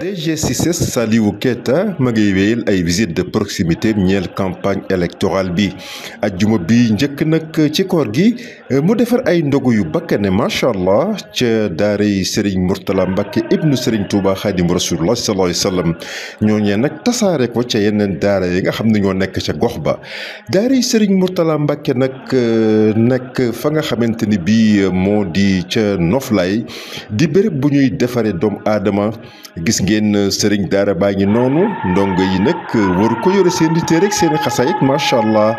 Desde esse sexto saliu o que de proximité ñeel campagne électorale bi aljuma bi ñëk nak ci koor gi mu défar ay ndogu yu bakkane macha allah daara yi Serigne murtala Mbacke ibnu Serigne Touba Khadim Rasulullah sallallahu alayhi wasallam ñe nak tassare ko ci yenen daara yi nga xamni ñoo nek ci gox ba yi Serigne murtala Mbacke nak euh, nek fa nga xamanteni bi mo di ci noflay di béréb bu ñuy défaré doomu adama gis ngeen euh, Serigne daara baangi nonu ndong yi nak waru ko yore seen di téere seen i xasaayit macha allah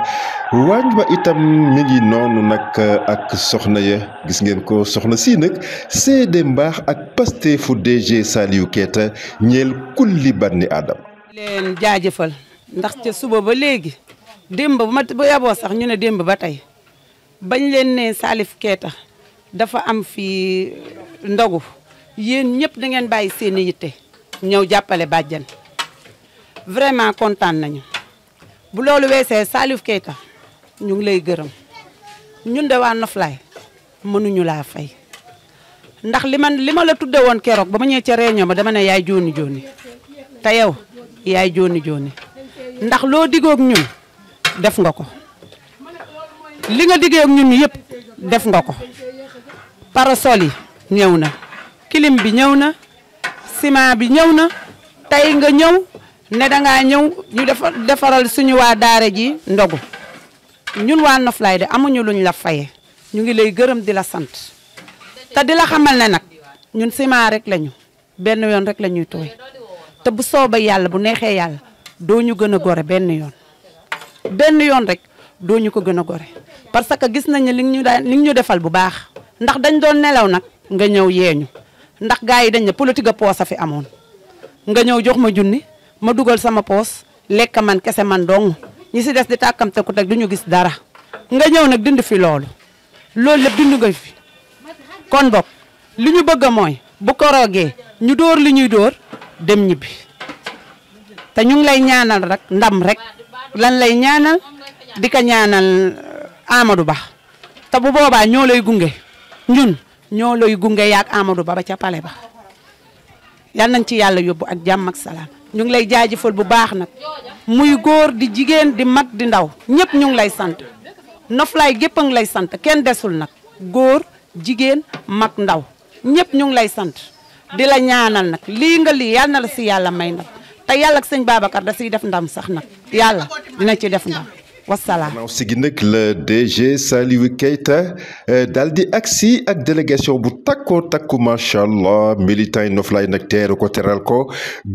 waañ ba itam mi ngi noonu nag ak soxna ya gis ngeen ko soxna si nag seede mbaax ak Pastef fu DG Saliou Keita ñeel kulli banni aadama leen jaajëfal ndax ca suba ba léegi démb ba ma ba yaboo sax ñu ne démb ba tey bañ leen ne Salif Keita dafa am fi ndogu yéen ñëpp dangeen ngeen bàyyi seen yitte ñëw jàppale bàjjan vraiment kontaan nañu bu loolu weesee saalif Keita ñu ngi lay gërëm ñun de waa Noflaay mënuñu laa fay ndax li man li ma la tudde woon keroog ba ma ñëwee ca réunion ba dama ne yaay jooni jooni te yow yaay jooni jooni ndax loo diggoog ñun def nga ko li nga diggoog ñun yëpp def nga ko parasol yi ñëw na kilim bi ñëw na ciment bi ñëw na tey nga ñëw ne da ngaa ñëw ñu defa defaral suñu waa daara ji ndogu ñun waa Noflaye de amuñu luñ la faye ñu ngi lay gërëm di la sant te di la xamal ne nag ñun ciment rek lañu ben yoon rek la ñuy te bu sooba yàlla bu neexee yàlla doo gore yoon benn yoon rek doo ñu ko gën a gore parce que gis nañ li ñu defal bu baax ndax dañ doon nelaw nag nga ñëw yeeñu ndax gars dañ ne politique fi nga jox ma junni ma dugal sama poos lekk man kese man dong ñi si des di tàkkamte ku teg du ñu gis dara nga ñëw nag dindi fi loolu loolu la dindi nga fi kon boog li ñu bëgg mooy bu ko roogee ñu dóor li ñuy dóor dem ñibbi te ñu ngi lay ñaanal rek ndam rek lan lay ñaanal di ko ñaanal uh, Amadou Ba te bu boobaa ñoo lay gunge ñun ñoo lay gunge yaak Amadou Ba ba ca pale ba yal nañ ci yàlla yóbbu ak jàmm ak salaam. ñu ngi lay jaajëfal bu baax nag muy góor di jigéen di mag di ndaw ñëpp ñu ngi lay sant noflaay gépp a ngi lay sant kenn desul nag góor jigéen mag ndaw ñëpp ñu ngi lay sant di la ñaanal nag lii nga lii yàlla na la si yàlla may ndam te yàlla ak sëñ Babacar da siy def ndam sax nag yàlla dina ci def ndam wasalaam. maanaam si gi nag la DG Saliou Keita eh, daal agsi ak délégation bu takko takku macha allah militant Noflaye nag teeru ko teral ko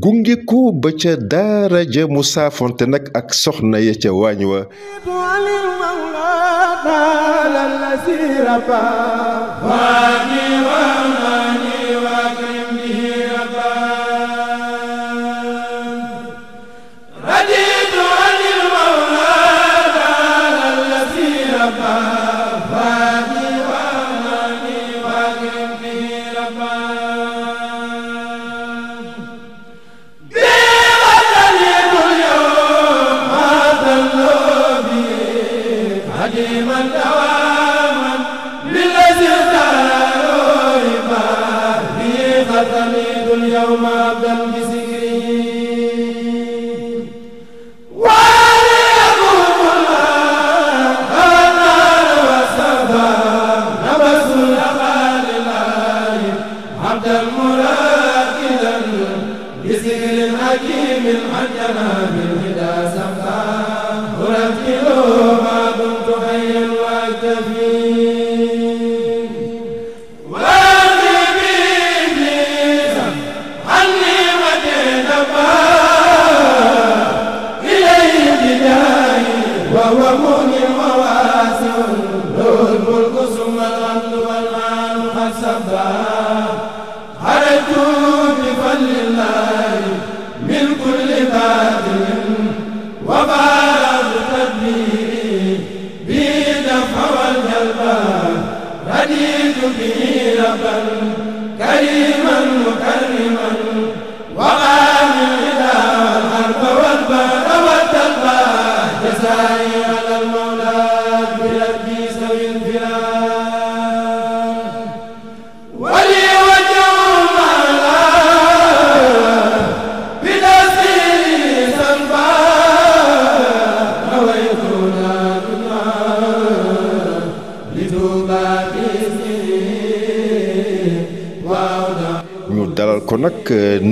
gunge ba ca daara mu saafonte nag ak soxna ya ca waañ wa.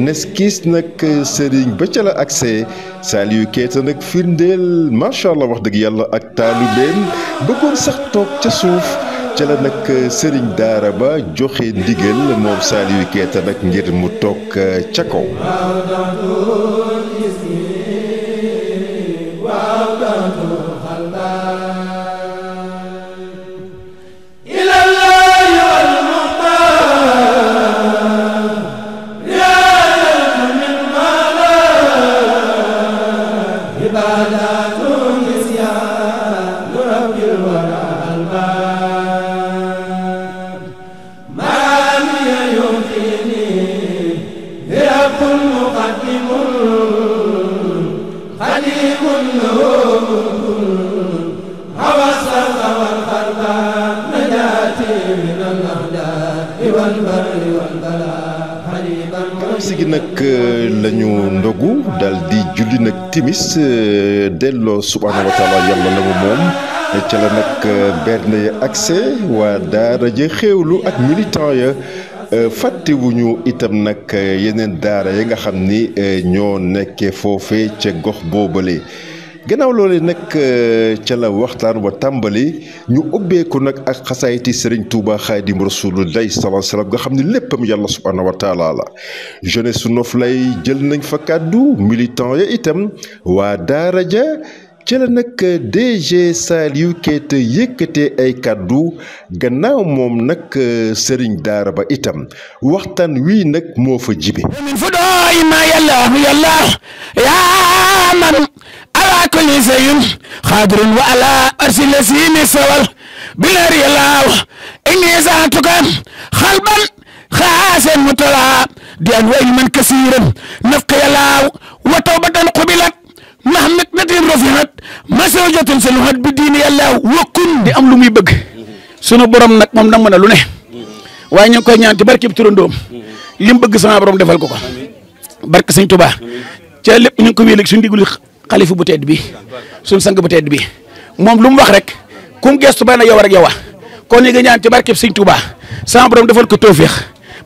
nes kiis nag sëriñ ba ca la accès Saliou Keita nag firndeel macha allah wax dëgg yàlla ak taalubeem bëggoon sax toog ca suuf ca la nag euh, sëriñ daara ba joxe ndigal moom Saliou Keita nag ngir mu toog euh, ca kaw. nag euh, la ñu ndogu daal di julli nag timis euh, delloo subhaanahu wa taala yàlla la mu moom ca la nag euh, berne ya accès waa daara ja xéewlu ak militant ya fàttewuñu itam nag yeneen daara yi nga xam ni ñoo nekkee foofe ca gox boobale gannaaw loolee nag euh, ca la waxtaan wa tàmbali ñu ubbeeku nag ak xasaayiti Serigne Touba Xaadim Rasulullahi sallallahu alayhi wasallam nga xam ne léppam yàlla subhaanahu wa taala la su su Noflay jël nañ fa kàddu militant ya itam waa daara ja ci la g DG Saliou Keita yëkkatee ay kàddu gannaaw moom nag sëriñ daara ba itam waxtaan wi nag moo fa jibe min fu dooy ma yàlla yàlla yaa man ala kulli shay'in xaadirun wa ala arsila siini sawal bilaar yàllaaw inni saatuka xalban xaasen mutala di an wa ilman kasiiran nafqa yàllaaw wa tawbatan qubilat ndax met metin rafiat masrajatin sa luxat bi diini yàlla wakkun di am lu muy bëgg sunu borom nag moom nag mën a lu ne waaye ñu ngi koy ñaan ci barkeb turandoom li mu bëgg sama borom defal ko ko barke sëñ Tuubaa ca lépp ñu ngi ko wéy nag suñu xalifa bu tedd bi suñu sang bu bi moom lu mu wax rek kum gestu bay yow rek yow a kon ñu ngi ñaan ci barkeb sëñ Tuubaa sama borom defal ko tawfeex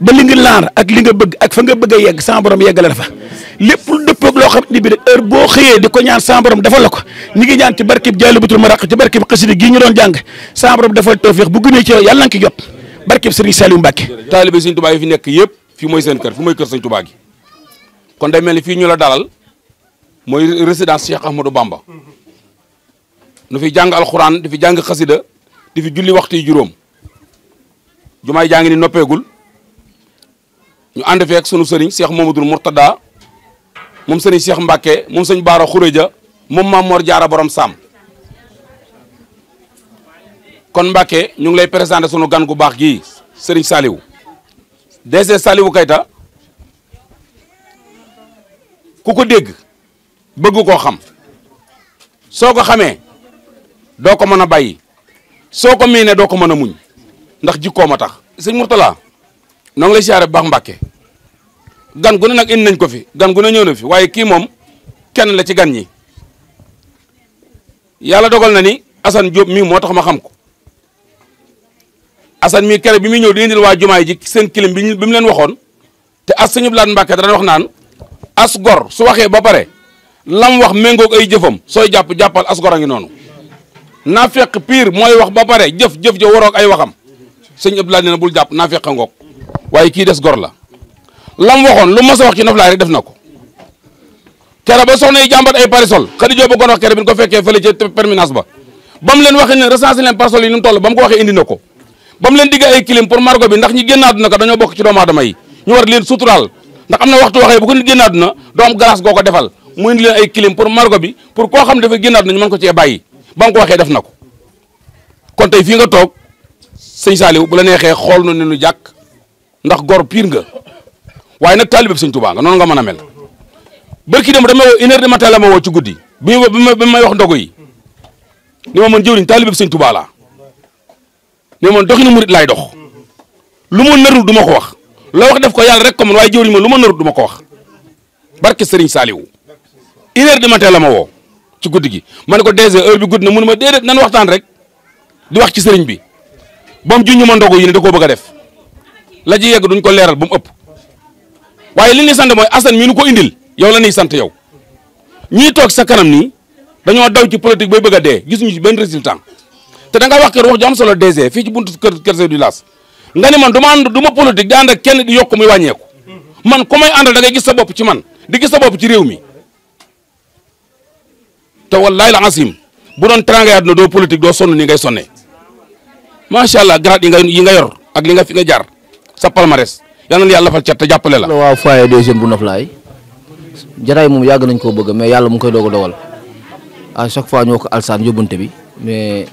ba li nga laar ak li nga bëgg ak fa nga bëgg a yegg sama borom yeggale la fa lepp lu dëppoog loo xam ne bi rek heure bo xeye di ñaan sa borom defal lako ñi ngi ñaan ci barkib Jalibatul Maraq ci barkib xasida gi ñu doon jang sa borom defal tawfiq bu gune ci yalla yàlla na jot barkib Serigne salim mbake taalibe Serigne Touba yi fi nek yëpp fi moy seen kër fi moy kër Serigne Touba gi kon day melni fi ñu la dalal moy résidence Cheikh Ahmadou Bamba nu fi jang alxuraan di fi jang qasida di fi julli waxti yi jumaay jang ni noppegul ñu ànd feek sunu serigne Cheikh Mamadou murtada mom seigne Cheikh Mbacke mom seigne baro Xureja mom mamour diara borom sam kon Mbacke ñu ngi lay présenter sunu gan gu bax gi seigne saliw DG Saliou Keita ku ko dégg bëgg koo xam soko ko do ko mën bayyi soko soo do ko mën muñ ndax jikko ma tax seigne Mourtala nang lay bax gan gu nak nag indi nañ ko fi gan gu ne ñëw na fi waye ki mom kenn la ci gan ñi yalla dogal na ni asan job mi motax ma xam ko asan mi kere bi mi ñew di indil waa jumaay ji seen kilim bi mu leen waxon te as suñu blaat Mbàkke da wax naan as gor su waxe ba pare lam wax méngoog ay jëfëm soy japp jappal as gor a ngi fekk pire wax ba pare jëf jëf ja waroog ay waxam sëñ Abdoulaye nee na bul japp na fekk ngok waye ki dess gor la. lam waxoon lu mos a wax ci noflaay rek def na ko kere ba soxna yi jàmbat ay parasol xadi joo bëggoon wax kere bi ñu ko fekkee fële ci permanence ba ba mu leen waxee ne recensé leen parasol yi ni toll ba ko waxee indi ko ba leen digg ay kilim pour margo bi ndax ko goo ko defal mu indi leen ay kilim pour koo xam dafa génn àdduna ñu mën ko cee bàyyi ba ko waxee def na ko kon tey fii nga toog sëñ Saliou bu la neexee xool nu ne nu jàkk ndax gor piir nga waaye nag taalibe sëñ Tuubaa nga noonu nga mën a mel barki dem dama une heure de matin la ma woo ci guddi bi ma may wax ndogu yi ni ma man jëwriñ taalibe sëñ Tuubaa laa ni ma man doxinu murit laay dox lu ma narul du ma ko wax loo wax def ko yàlla rek ko man waaye jëwriñ ma lu ma narul du ma ko wax barki sëriñ Saaliwu une heure de matin la ma woo ci guddi gi ma ne ko deux heures heure bi guddi na mënu ma déedéet nan waxtaan rek di wax ci sëriñ bi ba mu junj ma ndogu da koo bëgg a def la ji duñ ko leeral ba ëpp waye li ni sante moy Assane mi nu ko indil yow la ni sante yow ñi tok sa kanam ni dañoo daw ci politique bay bëgg a dee ci ben résultat té da nga wax kër wax ju solo DG fi ci buntu kër kër du Laas nga ni man duma and duma politique di and ak kenn di yok muy wàññeeku man ku may àndal da ngay gis sa bop ci man di gis sa bop ci réew mi té wallahi al-azim bu doon teraanga àdduna do politique do sonu ni ngay sonne macha allah grade yi nga yi nga yor ak li nga fi nga jaar sa palmarès. yal na yàlla fa cat te jàppale la. waaw foyer des jeunes bu Noflaye jataay moom yàgg nañ koo bëgg mais yàlla mu ngi koy doog a à chaque fois ñoo ko alsaan yóbbante bi mais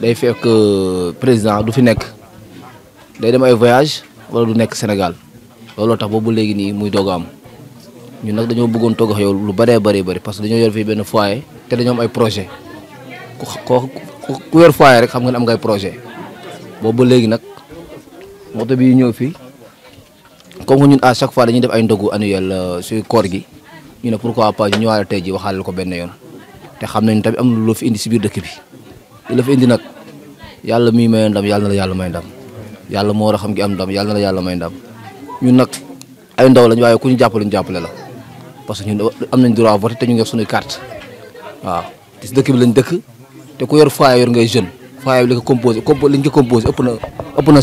day fekk euh, président du fi nekk day dem ay voyage wala du nekk Sénégal looloo tax boobu léegi nii muy doog a am ñun nag dañoo bëggoon toog ak lu bëree bëri bëri parce que dañoo yor fii benn foyer te dañoo am ay projet ku ko ku yor foyer rek xam nga ne am nga projet boobu léegi nag fii. comme que ñun à chaque fois dañuy def ay ndogu annuel euh, suy koor gi ñu ne pourquoi pas ñu a tey ji waxaale ko benn yoon te xam nañ tamit am na loo fi indi si biir dëkk bi li la fi indi nag yàlla miy may ndam yàlla la yàlla may ndam yàlla moo war xam gi am ndam yàlla na yàlla may ndam ñun nag ay ndow lañ waaye ku ñu jàppale ñu jàppale la parce que ñun am nañ droit voté te ñu ngi suñuy carte waaw te si dëkk bi lañ dëkk te ku yor foyer yor ngay jeune foyer bi li ko composé compo ñu ko composé ëpp na ëpp na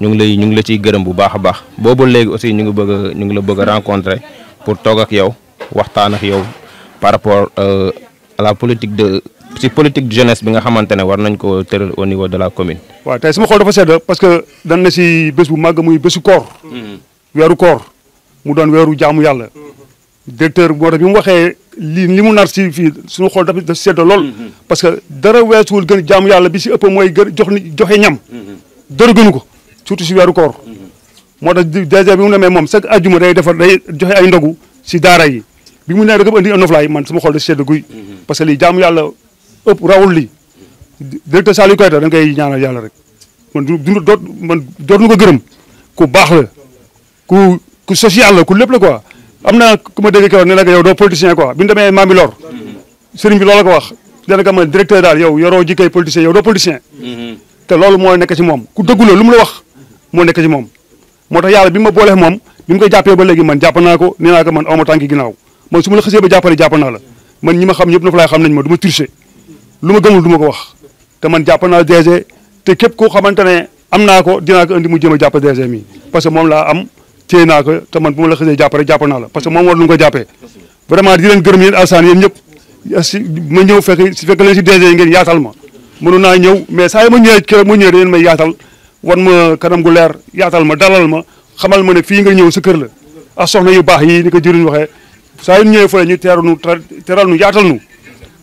ñu ngi lay ñu ngi la ci gërëm bu baaxa baax boobu léegi aussi ñu ngi bëgg ñu ngi la bëgg a rencontrer pour toog ak yow waxtaan ak yow par rapport euh, à la politique de ci politique de jeunesse bi nga xamantene war nañ ko teural au niveau de la commune wa tay sama xol dafa sedd parce que dañ na ci bes bu mag muy besu koor hmm. wéru koor mu doon wéru jaamu yalla directeur tax bi mu waxé li li mu nar ci fi suñu xol dafa dafa sedd lool parce que dara wessul gën jaamu yalla bi ci ëpp moy gën jox ni joxe ñam hmm. dara gënu ko surtout si weeru koor moo tax DG bi mu demee moom chaque ajjuma day defar day joxe ay ndogu si daara yi bi mu ne rek andi noflaay man sama xol da sedd guy parce que lii jaamu yàlla ëpp rawul lii directeur Saliou Koyta dañ koy ñaanal yàlla rek man doot nu ko gërëm ku baax la ku social ku lépp la quoi am na ku ma dégg keroog ne la doo politicien quoi bi ñu demee Mambilor sëriñ bi loola ko wax dana ko directeur daal yow yoroo jikkay politicien politicien mm-hmm. moo nekk ci moom moo tax yàlla bi ma boolee moom bi mu koy jàppee ba léegi man jàpp naa ko nee ko man aw ma tànki ginnaaw man su ma la ba jàpp naa la man ñi ma xam ñëpp na ko wax man jàpp naa koo xamante ne am naa ko dinaa mu jéem a jàpp DG mi parce que moom laa am téye ko te man bu ma la xasee jàppale jàpp naa la parce que moom war lu ma ko jàppee vraiment di leen gërëm yéen alsaan yéen ñëpp ma ñëw fekk fekk leen si DG ngeen yaatal ma mënu naa ñëw mais saa yi ma ñëwee keroog ma wan ma kanam gu leer yaatal ma dalal ma xamal ma ne fii nga ñëw sa kër la a soxna yu baax yi ni ko jëriñ waxee saa yu ñëwee fële ñu teeru nu teral nu yaatal nu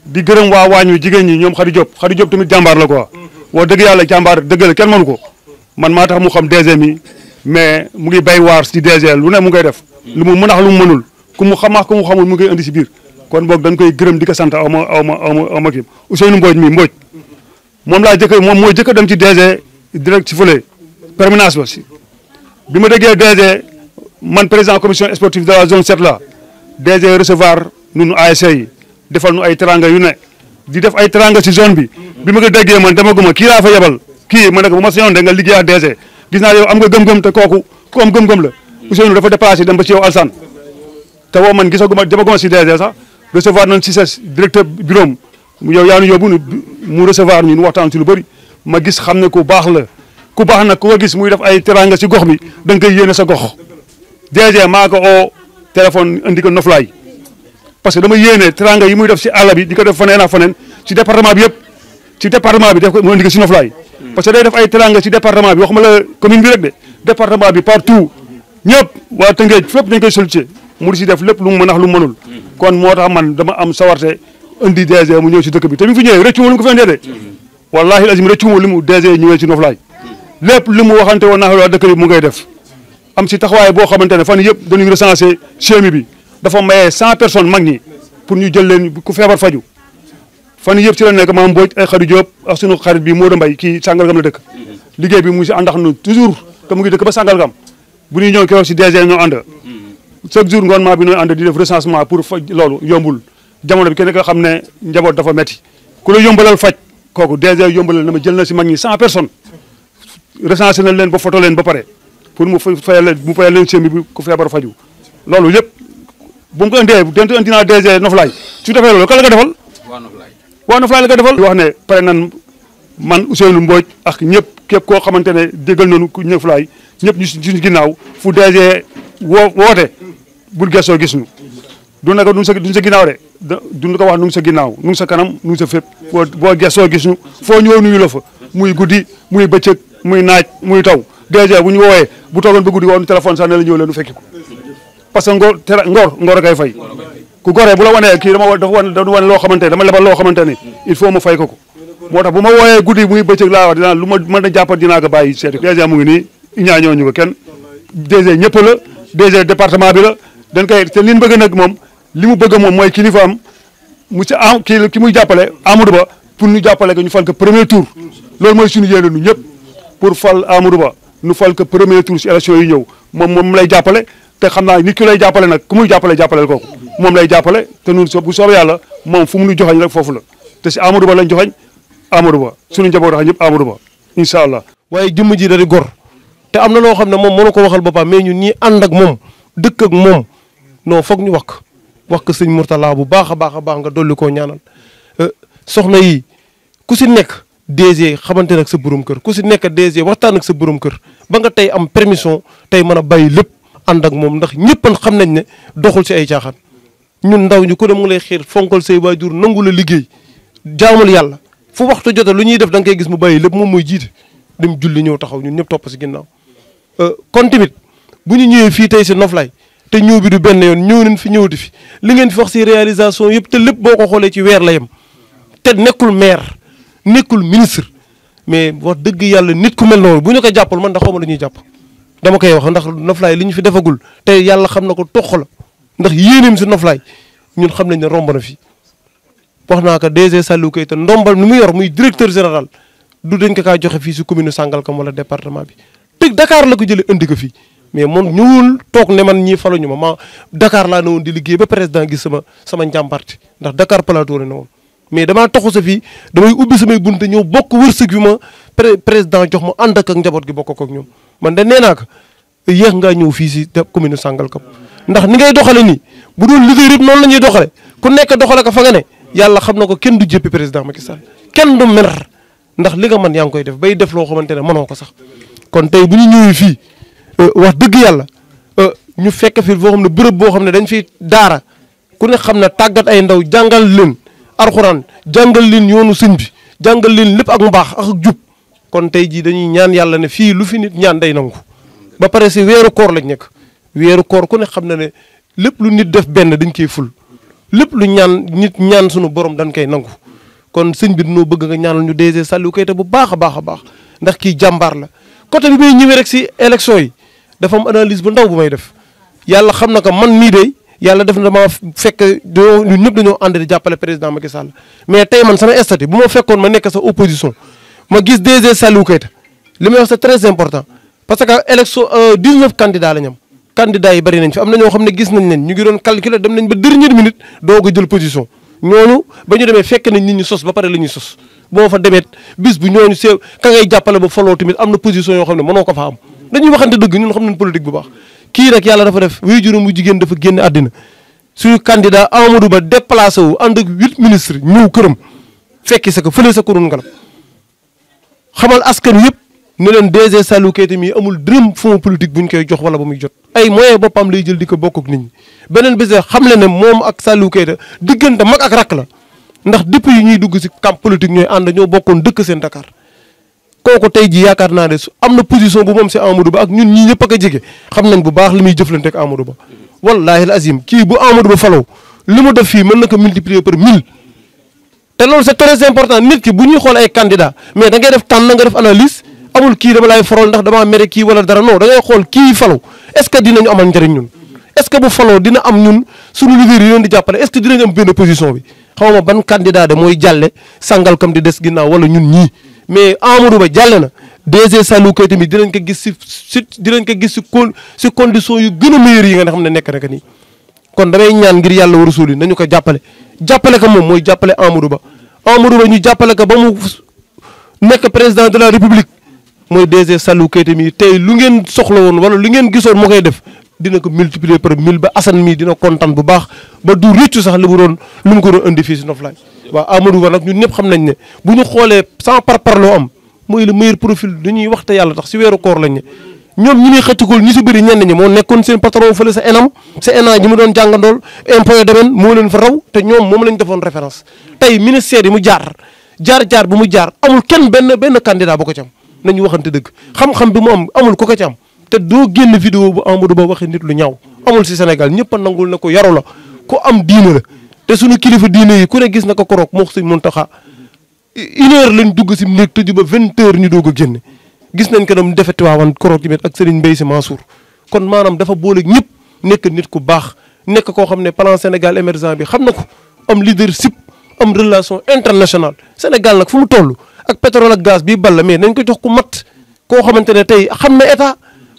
di gërëm waa waañu jigéen ñi ñoom Khady Diop Khady Diop tamit jàmbaar la ko wax dëgg yàlla jàmbaar dëgg la kenn mënu ko man maa tax mu xam DG mi mais mu ngi bay waar si DG lu ne mu ngay def lu mu mën ax lu mu mënul ku mu xamaax ku mu xamul mu ngi indi si biir kon boog dañ koy gërëm di ko sant aw mi Mbodj moom laa jëkk moom mooy jëkk dem ci DG direct si fële permanence ba si bi ma déggee DG man président commission sportive de la zone 7 la DG recevoir ñun ASC yi defal nu ay teranga yu ne di def ay teranga si zone bi bi ma ko déggee man dama guma kii laa fa yebal kii ma nekk ko bu ma sañoon de nga liggéey ak DG gis naa yow am nga gëm-gëm te kooku ku am gëm-gëm dafa déplacé dem ba ci yow Alsane te woo man gisaguma demaguma si DG sax recevoir nañ si ses directeur bureau yow yaa nu yóbbu mu recevoir ñu nu waxtaan si lu bëri ma gis xam ne ku baax la ku baax na ku ko gis muy def ay teranga si gox bi da nga koy sa gox DG maa ko oo téléphone indi ko noflaay parce que dama yéene teranga yi muy def si àll bi di ko def faneen ak faneen si département bi yëpp si département bi bi waxuma la commune bi rek de département bi partout ñëpp waa Tëngéej fépp dañ koy sollicité mu si def lépp lu mu mën ak lu mu mënul kon moo a man dama am sawarte indi DG mu ñëw si dëkk bi te bi mu fi ñëwee rëccu ma lu mu ko wallahi azim rek ci mu DG ñëwee ci Noflaye lépp li mu waxante woon naa waa dëkk bi mu ngay def am si taxawaay boo xamante ne fan yëpp dañuy recensé CMU bi dafa mayee cent personnes mag ñi pour ñu jël leen ku feebar faju fan yëpp ci la nekk maam Mbodj ay xarit Diop ak sunu xarit bi Modou Mbaye kii Sangalkam la dëkk liggéey bi mu si àndax noonu toujours te mu ngi dëkk ba bu ñuy ñëw keroog si DG ñoo ànd chaque jour ngoon maa bi nooy ànd di def recensement pour faj loolu yombul jamono bi kenn ka xam ne njaboot dafa metti ku la yombalal faj kooku DG yombalal na ma jël na si mag ñi cent personnes recensé na leen ba photo leen ba pare pour mu fayal leen mu fayal leen semis bi ku feebar faju loolu yëpp bu mu ko indee dent indi naa DG Noflaay su defee loolu kan la ko defal. waa Noflaay waa Noflaay la ko wax ne pare nan man Ousseynou Mbodj ak ñëpp képp koo xamante ne déggal nañu ku Noflaay ñëpp ñu si ginnaaw fu DG woo woote bul gëstoo gis ñu. du naka nu ngi sa du ko wax nu ngi sa ginnaaw nu ngi sa kanam nu ngi sa fépp boo boo gëstoo gis ñu foo ñëw nuyu la fa muy guddi muy bëccëg muy naaj muy taw déjà bu ñu woowee bu toogoon ba guddi woon téléphone sax ne la ñëw leen nu fekki ko parce ngor tera ngor ngor a koy fay ku goree bu la wanee kii dama dafa wan dafa wan loo xamante ne dama lebal loo xamante ne il faut ma fay ko ko moo tax bu ma wooyee guddi muy bëccëg laa wax dinaa lu ma mën a dinaa ko bàyyi seeti déjà mu ngi nii iñaañoo ñu ko kenn déjà ñëpp la déjà département bi la dañ koy te liñ bëgg nag moom li mu bëgg moom mooy kilifaam mu ci am kii ki muy jàppale Amadou Ba pour ñu jàppale ko ñu fal ko premier tour loolu mooy suñu yéene nu ñëpp pour fal Amadou Ba nu fal ko premier tour si élection yi ñëw moom moom lay jàppale te xam naa nit ki lay jàppale nag ku muy jàppale jàppaleel ko moom lay jàppale te nun so bu soobee yàlla moom fu mu nu joxañ rek foofu la te si Amadou Ba lañ joxañ Amadou Ba suñu njaboot wax ñëpp Amadou Ba incha allah. waaye jëmm ji da di gor te am na loo xam ne moom mënu ko waxal boppam mais ñun ñii ànd ak moom dëkk ak moom foog ñu wax wax ko sëñ Mourtala bu baax a baax a baax nga dolli koo ñaanal euh, soxna yi ku si nekk DG xamante nag sa borom kër ku si nekk DG waxtaan ak sa borom kër ba nga tey am permission tey mën a bàyyi lépp ànd ak moom ndax ñëppan xam nañ ne doxul si ay caaxaan ñun ndaw ñu ko ne mu ngi lay fonkal say waajur nangu la liggéey jaamul yàlla fu waxtu jote lu ñuy def da nga koy gis mu bàyyi lépp moom mooy jiite dem julli ñëw taxaw ñun ñëpp topp si ginnaaw euh, kon tamit bu ñu ñëwee fii tey si noflaay te ñëw bi du benn yoon ñëw nañ fi ñëwati fi li ngeen fi wax si réalisation yëpp te lépp boo ko xoolee ci weer la yem te nekkul maire nekkul ministre mais wax dëgg yàlla nit ku mel noonu bu ñu ko jàppal man ndax xaw ma la ñuy jàpp dama koy wax ndax noflaay li ñu fi defagul te yàlla xam na ko toq la ndax yéeneem si noflaay ñun xam nañ ne romb na fi wax naa ko DG Saliou Keita ndombal ni muy yor muy directeur général du dañ ko kaa joxe fii si commune Sangalkam wala département bi teg Dakar la ko jëlee indi ko fii mais mon ñuul tok ne man ñii faluñu ma ma Dakar la ne di liggéey ba président gis sama sama njàmparti ndax Dakar plateau ne woon mais dama taxu sa fi damay ubbi sama bunte ñëw bokk wërsëg yu ma président jox ma and ak njabot gi bokk ak ñoom man da neena ak yeex nga ñew fi ci commune sangal dohale ndax ni ngay doxale ni bu doon liggéey rip non lañuy doxale ku nekk doxale ko fa nga ne yalla xam ko kenn du jëppi président Macky Sall kenn du mer ndax li nga man yang koy def bay def lo xamantene ne sax kon tay bu ñu ñewi fi Euh, wax dëgg yàlla euh, ñu fekk fii boo xam ne bërëb boo xam ne dañ fi daara ku ne xam ne tàggat ay ndaw jàngal leen arxuraan jàngal leen yoonu sëñ bi jàngal leen lépp ak mbaax ak ak jub kon tey jii dañuy ñaan yàlla ne fii lu fi nit ñaan day nangu ba pare si weeru koor lañ nekk weeru koor ku ne xam na ne lépp lu nit def benn dañ koy ful lépp lu ñaan nit ñaan sunu borom dañ koy nangu kon sëñ bi dañoo bëgg nga ñaanal ñu DG Saliou Keita bu baax a baax a baax ndax kii jàmbaar la côté bi ñëwee rek si élection yi dafa am analise bu ndaw bu may def yàlla xam na ko man mii de yàlla def na dama fekk dañoo ñun ñëpp dañoo ànd jàppale président Macky Sall mais tey man sama statut bu ma fekkoon ma nekk sa opposition ma gis DG Saliou Keita li may wax c'est très important parce que élection 19 euh, candidats la ñu am yi bari nañ fi am na ñoo xam ne gis nañ leen ñu ngi doon calculer dem nañ ba dernière minute doog a jël position ñooñu ba ñu demee fekk nañ nit ñu sos ba pare la ñuy sos boo fa demee bis bu ñooñu see ka ngay jàppale ba foloo tamit am na position yoo xam ne mënoo ko fa am. dañuy waxante dëgg ñun xam nañ politique bu baax kii rek yàlla dafa def wéy juróom bu jigéen dafa génn àddina suñu candidat Amadou Ba déplacé wu ànd ak huit ministres ñëw këram fekki sa ko fële sa kurun ngalam xamal askan yëpp ne leen DG Saliou Keita mii amul dërëm fond politique bu ñu koy jox wala ba muy jot ay moyen boppam lay jël di ko bokk ak nit ñi beneen bés xam le ne moom ak Saliou Keita diggante mag ak rakk la ndax depuis yi ñuy dugg si camp ñooy ànd ñoo bokkoon dëkk seen Dakar ko tey ji yaakaar naa ne su am na position bu moom si Amadou Ba ak ñun ñii ñëpp a ko jege xam nañ bu baax li muy jëflante ak Amadou Ba wallaahi al azim kii bu Amadou Ba falaw li mu def fii mën na ko multiplier par mille te loolu c'est très important nit ki bu ñuy xool ay candidat mais da def tànn nga def analyse amul kii dama laay forol ndax damaa mere kii wala dara non da ngay xool kii falaw est-ce que dinañu amal njëriñ ñun est-ce que bu faloo dina am ñun suñu liggéey yi leen di jàppale est-ce que dinañ am benn ma ban candidat de mooy jàlle sàngal kam di des ginnaaw wala ñun ñii mais Amadou Ba jàll na DG Saliou Keita mi dinañ ko gis si si dinañ ko gis si con si condition yu gën a meilleures yi nga xam ne nekk na que kon damay ñaan ngir yàlla war a suul nañu ko jàppale jàppale ko moom mooy jàppale Amadou Ba Amadou Ba ñu jàppale ko ba mu nekk président de la république mooy DG Saliou Keita mi tey lu ngeen soxla woon wala lu ngeen gisoon moo koy def dina ko multiplier par mille ba Assane mii dina kontaan bu baax ba du rëccu sax li mu doon lu mu ko doon indi fii si Noflaay waaw Amadou Ba nag ñun ñëpp xam nañ ne bu ñu xoolee sans par par am mooy le meilleur profil du ñuy waxte yàlla tax si weeru koor lañ ne ñoom ñi muy xëccikul ñi si bëri ñenn ñi moo nekkoon seen patron fële sa enam sa ena ñi mu doon moo leen fa te ñoom moom lañ defoon référence tey ministère yi mu jaar jaar-jaar bu mu jaar amul kenn benn benn candidat bu ko ci am waxante dëgg xam bi mu amul ku ko ci am te doo génn vidéo bu Amadou Ba waxee nit lu ñaaw amul si Sénégal ñëpp a nangul ne ko yaru la ku am diina la te suñu kilifa diine yi ku ne gis na ko koroog moo sëñ Muntaxa une heure lañ dugg si néeg tëju ba vingt heures ñu doog a génn gis nañ ko dem defeti waawan koroog yi ak Serigne Mbaye Sy Mansour kon maanaam dafa boole ñëpp nekk nit ku baax nekk koo xam ne plan Sénégal émergent bi xam na ko am leadership am relation internationale Sénégal nag fu mu toll ak pétrole ak gaz bi balla mais nañ ko jox ku mat koo xamante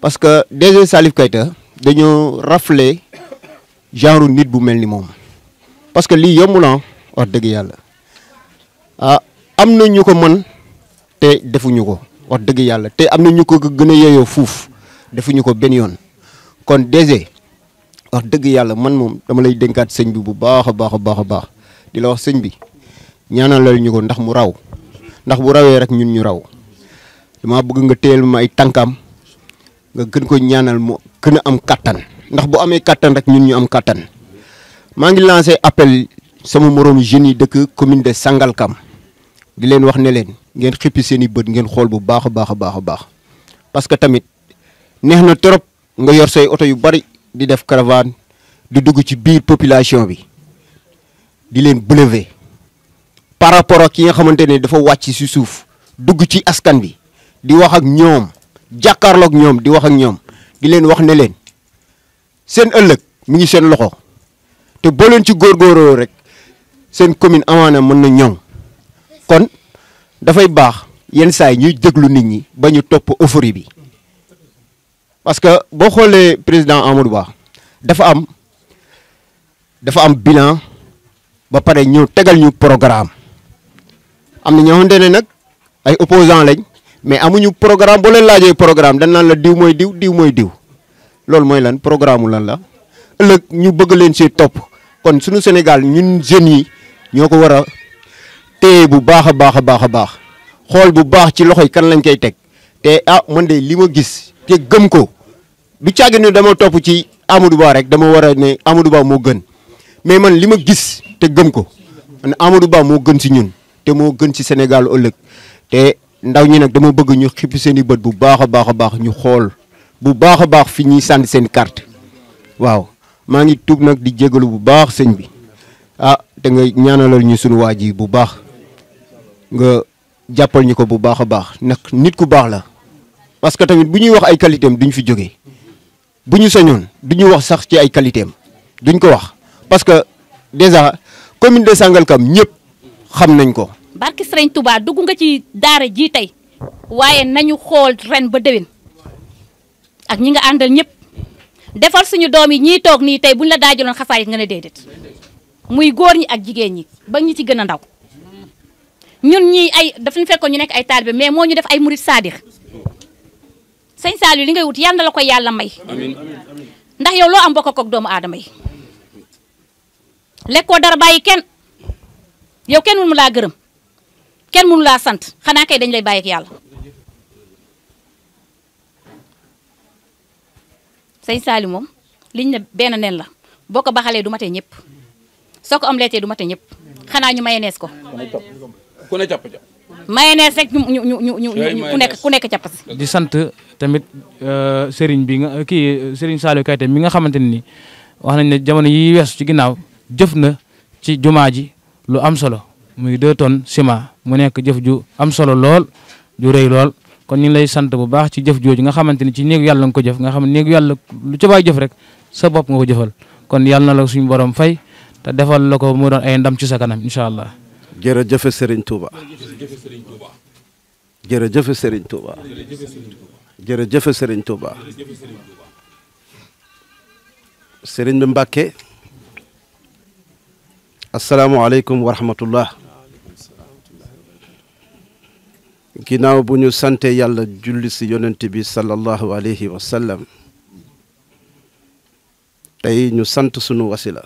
parce que DG Salif Keita dañoo rafle genre nit bu mel ni moom parce que lii yomb na ah, wax dëgg yàlla ah am na ñu ko mën te defuñu ko wax dëgg yàlla te am na ñu ko gën a yeyoo fuuf defuñu ko benn yoon kon DG wax dëgg yàlla man moom dama lay dénkaat sëñ bi bu baax a baax a baax a baax di la wax sëñ bi ñaanalal ñu ko ndax mu raw ndax bu rawee rek ñun ñu raw dama bëgg nga téyel ma ay tànkam. nga gën ko ñaanal mu gën a am kattan ndax bu amee kattan rek ñun ñu am kàttan maa ngi lancé appel sama moroom jeunes yi dëkk commune de Sangalkam di leen wax ne leen ngeen xippi seen i bët ngeen xool bu baax a baax a baax a baax parce que tamit neex na trop nga yor say oto yu bari di def caravane di dugg ci biir population bi di leen bëlëve par rapport ak ki nga xamante ne dafa wàcc si suuf dugg ci askan bi di wax ak ñoom. jàkkaarlook ñoom di wax ak ñoom di leen wax ne leen seen ëllëg mu ngi seen loxo te boo leen ci góorgóorloo rek seen commune amaana mën na ñoom kon dafay baax yenn saa yi ñuy jëglu nit ñi ba ñu topp euphorie bi parce que boo xoolee président Amadou Ba dafa am dafa am bilan ba pare ñëw tegal ñu programme am na ñoo xamante ne nag ay opposants lañ. mais amuñu programme boo leen laajee programme dañ naan la diw mooy diw diw mooy diw loolu mooy lan programme lan la ëllëg ñu bëgg leen ci topp kon suñu Sénégal ñun jeunes yi ñoo ko war a téye bu baax a baax a baax a baax xool bu baax ci loxo yi kan lañ koy teg te ah man de li ma gis te gëm ko du caagi ne dama topp ci Amadou Ba rek dama war a ne Amadou Ba moo gën mais man li ma gis te gëm ko man Amadou Ba moo gën si ñun te moo gën ci Sénégal ëllëg ndaw ñi nak dama bëgg ñu xippi seen i bu baaxa baaxa baax ñu xool bu baaxa baax fi ñi sand seen carte waaw ma ngi tuub nak di bu baax sëñ bi ah da nga ñaanalal ñu suñu waa bu baax nga jappal ñu bu baaxa baax nak nit ku baax la parce que tamit bu ñuy wax ay qualité am duñ fi joggé bu ñu sañoon duñu wax sax ci ay qualité duñ ko wax parce que déjà commune de kam ñëpp xam nañ ko barki Sëriñ Touba dugg nga ci daare jii tey waaye nañu xool ren ba déwén ak ñi nga àndal ñëpp defal suñu doom yi ñiy toog nii tey buñ la daajaloon xasaayit nga ne déedéet muy góor ñi ak jigéen ñi ba ñu ci gën a ndaw ñun ñii ay daf ñu fekkoon ñu nekk ay taalibe mais moo ñu def ay murit saadix sëñ Saliou li ngay wut yal na la ko yàlla may ndax yow loo am bokk ak doomu aadama yi lekkoo dara bàyyi kenn yow kenn wul mu laa gërëm kenn mënu laa sant xanaa kay dañ lay bàyyi ak yàlla. sëy Saali moom liñ ne benn nen la boo ko baxalee du mate ñëpp soo ko omelettee du mate ñëpp xanaa ñu mayonnaise ko. ku ne capp ja. mayonnaise rek ñu ñu ñu ñu ku nekk ku nekk capp si. di sant tamit euh, sëriñ bi nga kii Serigne Saliou Kayte mi nga xamante ni nii wax nañ ne jamono yi weesu ci ginnaaw jëf na ci jumaa ji lu am solo. muy deux tonnes ciment mu nekk jëf ju am solo lool ju rëy lool kon ñu ngi lay sant bu baax ci jëf jooju nga xamante ni ci néegu yàlla nga ko jëf nga xam ne néegu yàlla lu ca baay jëf rek sa bopp nga ko jëfal kon yàlla na la suñu borom fay te defal la ko mu doon ay ndam ci sa kanam incha allah. jërëjëf Serigne Touba. jërëjëf Serigne Touba. jërëjëf Serigne Touba. jërëjëf Serigne Touba. Serigne bi Mbacke. asalaamaaleykum wa rahmatullah kii naaw bu ñu santee yàlla julli si yonent bi sallallahu alayhi wa tey ñu sant sunu wasila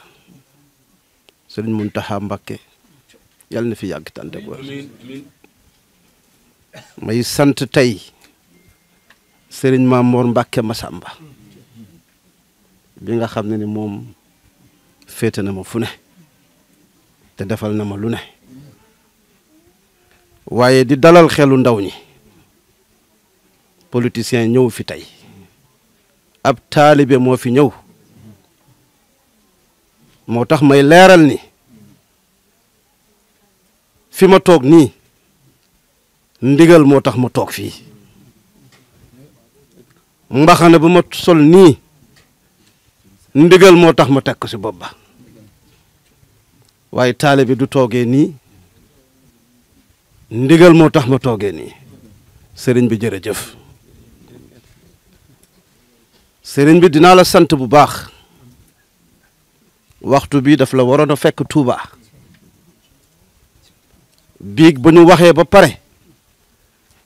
sëriñ Muntaxa Mbàkke yàlla na fi yàgg tànte ko may sant tey sëriñ Maamoor Mbàkke Masamba bi nga xam ne ni moom féete na ma fu te defal na ma lu ne waaye di dalal xelu ndaw ñi politicien ñëw fi tey ab taalibe moo fi ñëw moo tax may leeral ni fi ma toog nii ndigal moo tax ma toog fii mbaxana bu ma sol nii ndigal moo tax ma teg ko ci bopp ba waaye taalibe du toogee nii ndigal moo tax ma toogee nii sëriñ bi jërëjëf sëriñ bi dinaa la sant bu baax waxtu bi daf la waroon a fekk Touba biig ba ñu waxee ba pare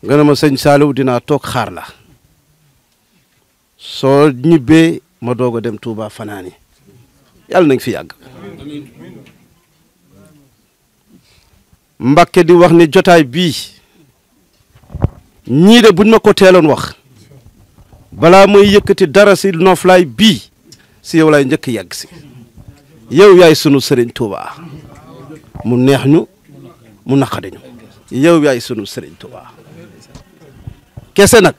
nga ne ma sëñ Saliou dinaa toog xaar la soo ñibbee ma doog a dem Touba fanaani yàlla nañ fi yàgg Mbàkke di wax ni jotaay bii ñii de buñ ma ko teeloon wax balaa may yëkkati dara si nooflaay bii si yow laay njëkk yàgg si yow yaay sunu sëriñ Touba mu neex ñu mu naqadi ñu yow yaay sunu sëriñ Touba kese nag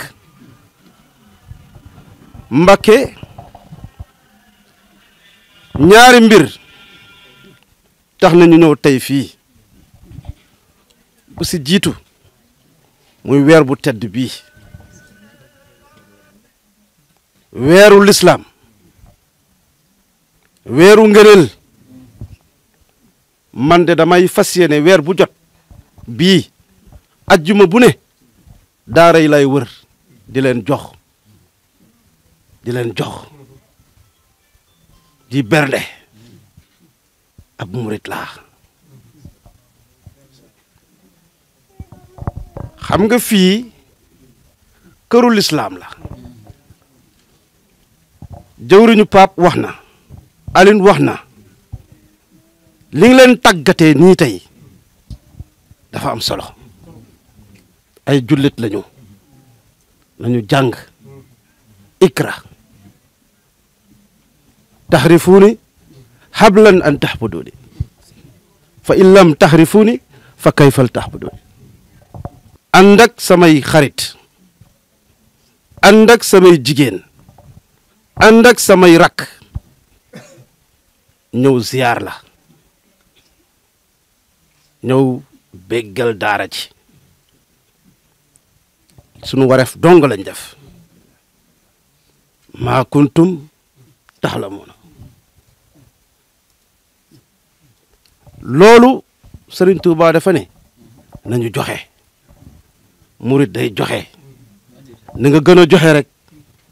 mbakke ñaari mbir tax nañu ñëw tey fii bu si jitu muy weer bu tedd bi weeru lislaam weeru ngëneel man de damay fas yéene bu jot bi aljuma bu ne daara lay wër di len jox di len jox di berle ab murit la xam nga fii këru lislaam la jëwriñu Pape wax na Aline wax na li leen tàggatee nii tey dafa am solo ay jullit lañu nañu jàng ikra taxrifuuni hablan an taxbuduuni fa in lam fa kayfal taxbuduuni ànd samay xarit ànd samay jigéen ànd samay rakk ñëw ziyaar la ñëw béggal daara ji sunu wareef dong lañ def maa kuntum taxlamuuna loolu Sëriñ Tuubaa dafa ne nañu joxe murit day joxe ni gën a joxe rek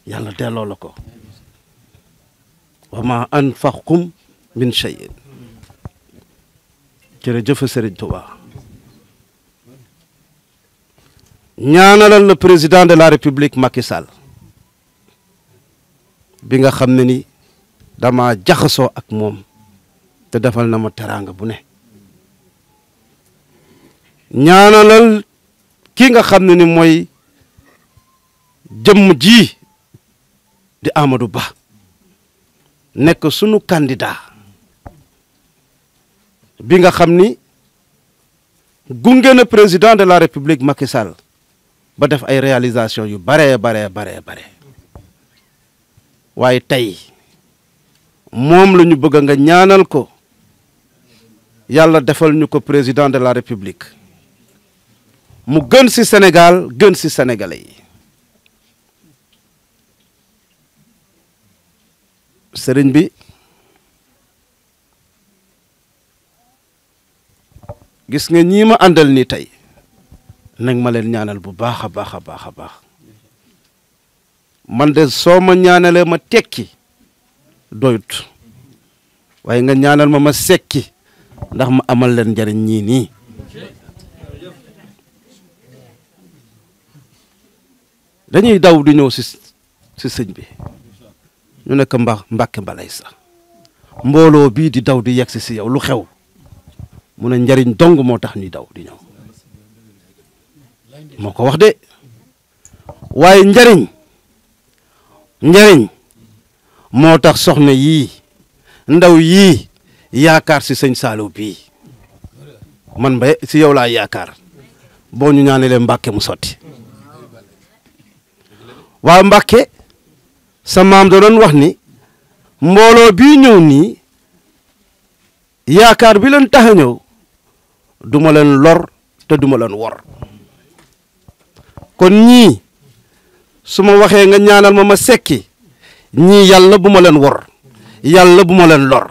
yàlla delloo la ko wa ma anfaqtum min shay'in jërëjëf Sëriñ Tuubaa ñaanalal le président de la république Macky Sall bi nga xam ne ni dama jaxasoo ak moom te defal na ma teraanga bu ne ñaanalal kii nga xam ne ni mooy jëmm jii di Amadou Ba nekk sunu candidat bi nga xam ni gunge na président de la république Macky Sall ba def ay réalisation yu baree baree baree bare waaye tey moom la ñu bëgg nga ñaanal ko yàlla defal ñu ko président de la république mu gën ci Sénégal gën ci sénégalais yi sëriñ bi gis nga ñii ma àndal nii tey nag ma leen ñaanal bu baax a baax a baax a baax man de soo ma ñaanalee ma tekki doyut waaye nga ñaanal ma ma sekki ndax ma amal leen njariñ ñii nii dañuy daw di ñëw si si sëñ bi ñu nekk mba Mbàkke balay sax mbooloo bii di daw di yegg si si yow lu xew mu ne njariñ dong moo tax ñuy daw di ñëw moo ko wax de waaye njariñ njariñ moo tax soxna yii ndaw yii yaakaar si sëñ Saliou bii man ba si yow laa yaakaar boo ñu ñaanalee Mbàkke mu sotti wa Mbàkke sa mam do non wax ni mbolo bi ñew ni yaakar bi leen tax lor te duma war. leen wor kon ñi suma waxe nga ñaanal ma ma sekki ñi yalla buma wor yalla buma lor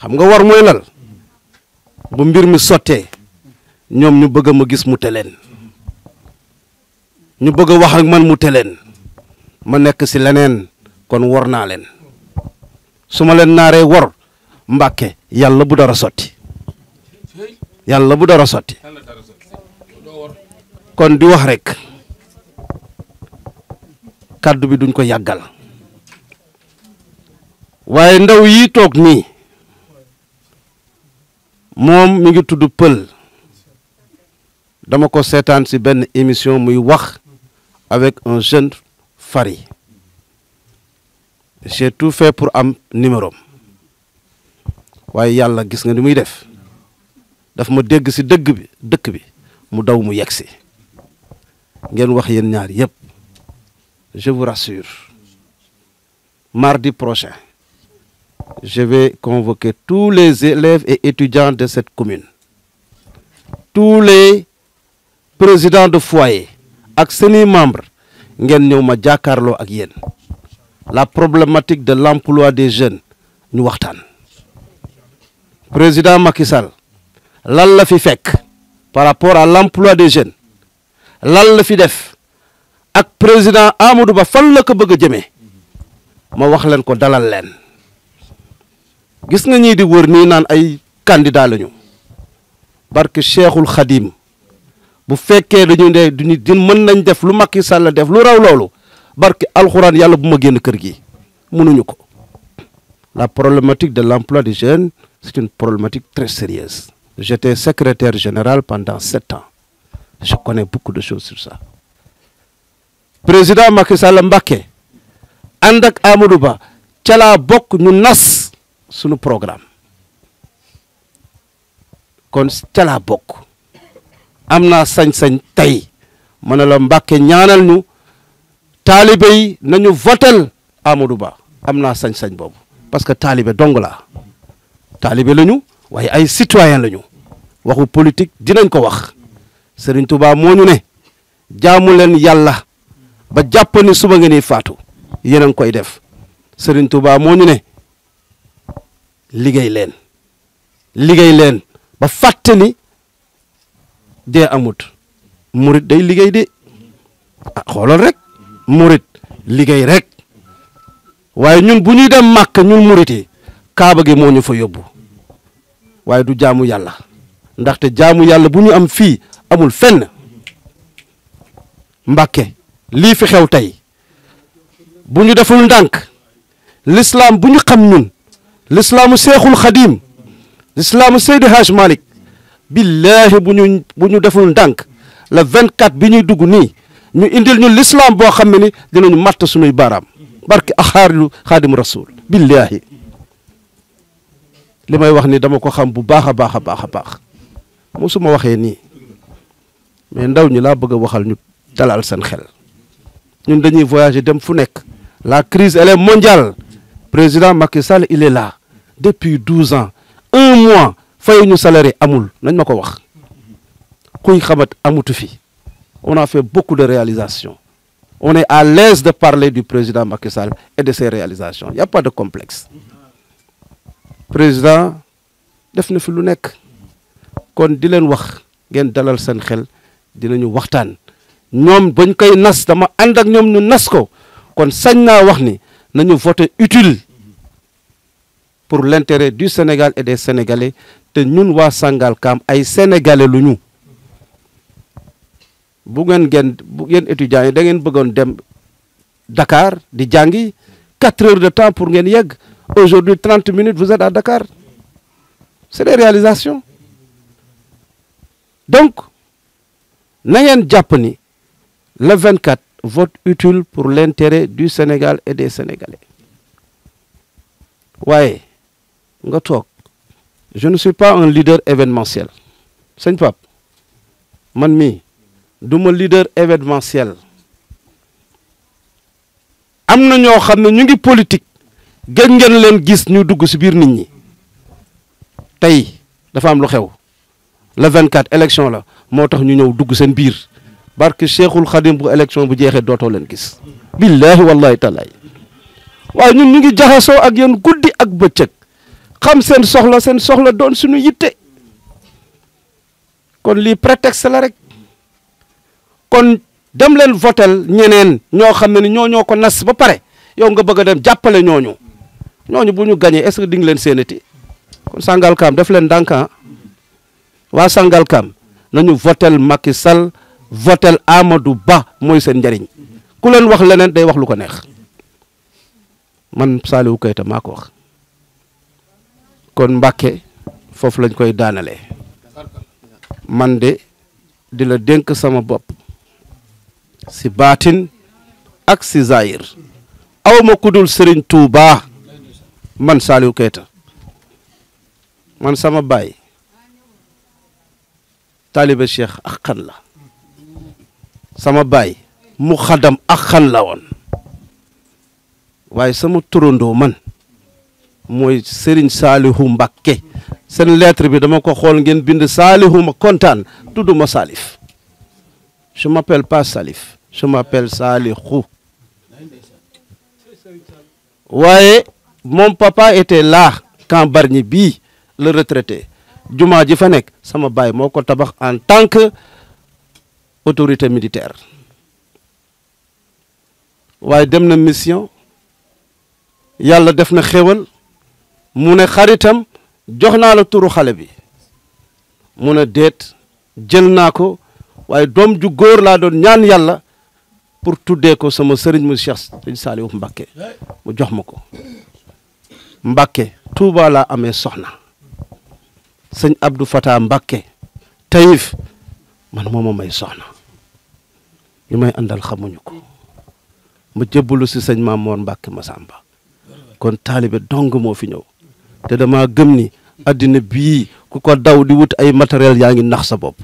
xam nga war moy lal bu mbir mi soté ñom ñu bëgg ma gis mu ñu bëgg wax ak man mu teleen ma nekk si leneen kon wor naa leen suma ma leen naaree wor mbàkke yàlla bu dara sotti yàlla bu dara sotti kon di wax rek kàddu bi duñ ko yàggal waaye ndaw yi toog nii moom mi ngi tudd pël dama ko seetaan si ben émission muy wax avec un jeune Fari j'ai tout fait pour un numéro waaye yalla gis nga ni def daf ma dégg ci deug bi deuk bi mu daw mu qui si wax je vous rassure mardi prochain je vais convoquer tous les élèves et étudiants de cette commune tous les présidents de foyer ak seni membre ngeen ñew ma jakarlo ak yeen la problématique de l'emploi des jeunes ñu waxtan président Macky Sall lan la fi fekk par rapport à l'emploi des jeunes lan la fi def ak président Amadou Ba fan la ko bëgg jëmé ma wax leen ko dalal leen gis nga ñi di wër ni naan ay candidat lañu barke Cheikhul Khadim la problématique de l'emploi des jeunes c'est une problématique très sérieuse j'étais secrétaire général pendant sept ans je connais beaucoup de choses sur ça président Macky Sall Mbaké, andak ak Ba nous bokk ñu nas programme am naa sañ-sañ tey ma ne la mbakke ñaanal ñu taalibe yi nañu votel Amadou Ba am naa sañ-sañ boobu parce que taalibe dong laa taalibe la ñu waaye ay citoyen la ñu waxu politique dinañ ko wax Serigne Touba moo ñu ne jaamu leen yàlla ba jàpp ni suba ngeen faatu yéen a koy def Serigne Touba moo ñu ne liggéey leen liggéey leen ba fàtte dee amut murit day liggéey de ah xoolal rek murit liggéey rek waaye ñun bu ñuy dem màkk ñun murit yi kaaba gi moo ñu fa yóbbu waaye du jaamu yàlla ndaxte jaamu yàlla bu ñu am fii amul fenn mbàkke lii fi xew tey bu ñu deful ndànk lislaam bu ñu xam ñun lislaamu seexul xadiim lislaamu seydi malik billahi buñu buñu deful le 24 dugg ñu indil ñu l'islam bo xamni dinañu suñuy barki rasul ni dama ko xam bu baax musuma mais ndaw bëgg waxal ñu dem fu la crise elle est mondiale président Macky Sall il est là depuis 12 ans un mois ñu salaire amul nañ mako wax kuy xamat amutu fi on a fait beaucoup de réalisations on est à l'aise de parler du président Macky Sall et de ses réalisations il y a pas de complexe président def na fi lu nek kon di len wax ngeen dalal seen xel dinañu waxtaan ñom bañ koy nas dama and ak ñom ñu nas ko kon sañ na wax ni nañu voter utile pour l'intérêt du Sénégal et des Sénégalais nous ñun sangal kam ay sénégalais lu ñu bu ngeen ngeen bu Dakar di jangi quatre heures de temps pour ngeen aujourd'hui 30 minutes vous êtes à Dakar c'est des réalisations donc na ngeen japp ni le 24 vote utile pour l'intérêt du Sénégal et des Sénégalais Oui. nga tok je ne suis pas un leader événementiel sëñ Pape man mii du leader événementiel am na ñoo xam ne ñu ngi politique gëj ngeen leen gis ñu dugg ci biir nit ñi tey dafa am lu xew le 24 élection la moo tax ñu ñëw dugg seen biir barke Cheikhul Khadim bu élection bu jeexee dootoo leen gis. billahi wallahi taalaay waaye ñun ñu ngi jaxasoo ak yéen guddi ak bëccëg. xam seen soxla seen soxla doon suñu yitte kon lii prétexte la rek kon dem leen votel ñeneen ñoo xam ne ni ñoo ñoo ko nas ba pare yow nga bëgg a dem jàppale ñooñu ñooñu bu ñu gañee est-ce que di nga leen séenati kon Sangalkam def leen ndànkan ah. waa Sangalkam nañu votel Macky Sall votel Amadou Ba mooy seen njariñ ku leen wax leneen day wax lu ko neex man Saliou Keita maa ko wax kon mbacké fofu lañ koy daanalé man dé di la sama bop si batin, ak si zahir aw ma ku dul sëriñ Mansama man Saliou keta man sama bay taalibe cheikh akhan la sama bay mu xadam la won waye sama man moy Serigne salihou mbake sen lettre bi dama ko xol ngeen bind salihou ma contane tuduma Salif je m'appelle pas Salif je m'appelle salihou waaye mon papa était là quand Bargny bi le retraité djuma ji fa nek sama baay moko ko tabax en tant que autorité militaire waaye dem na mission yalla def na mu ne xaritam jox naa la turu xale bi mu ne déet jël naa ko waaye doom ju góor laa doon ñaan yàlla pour tuddee ko sama sëriñ mu Cheikh Sëriñ Saaliwu mu jox ma ko Mbàkke Tuuba laa amee soxna sëñ abdu Fata Mbàkke Tayif man mooma may soxna ñu may àndal xamuñu ko ma jëbbalu si sëñ Maam Moor Mbàkke Masamba kon taalibe dong moo fi ñëw te dama gëm ni adina bi ku ko daw di wut ay matériel yaa ngi nax sa bop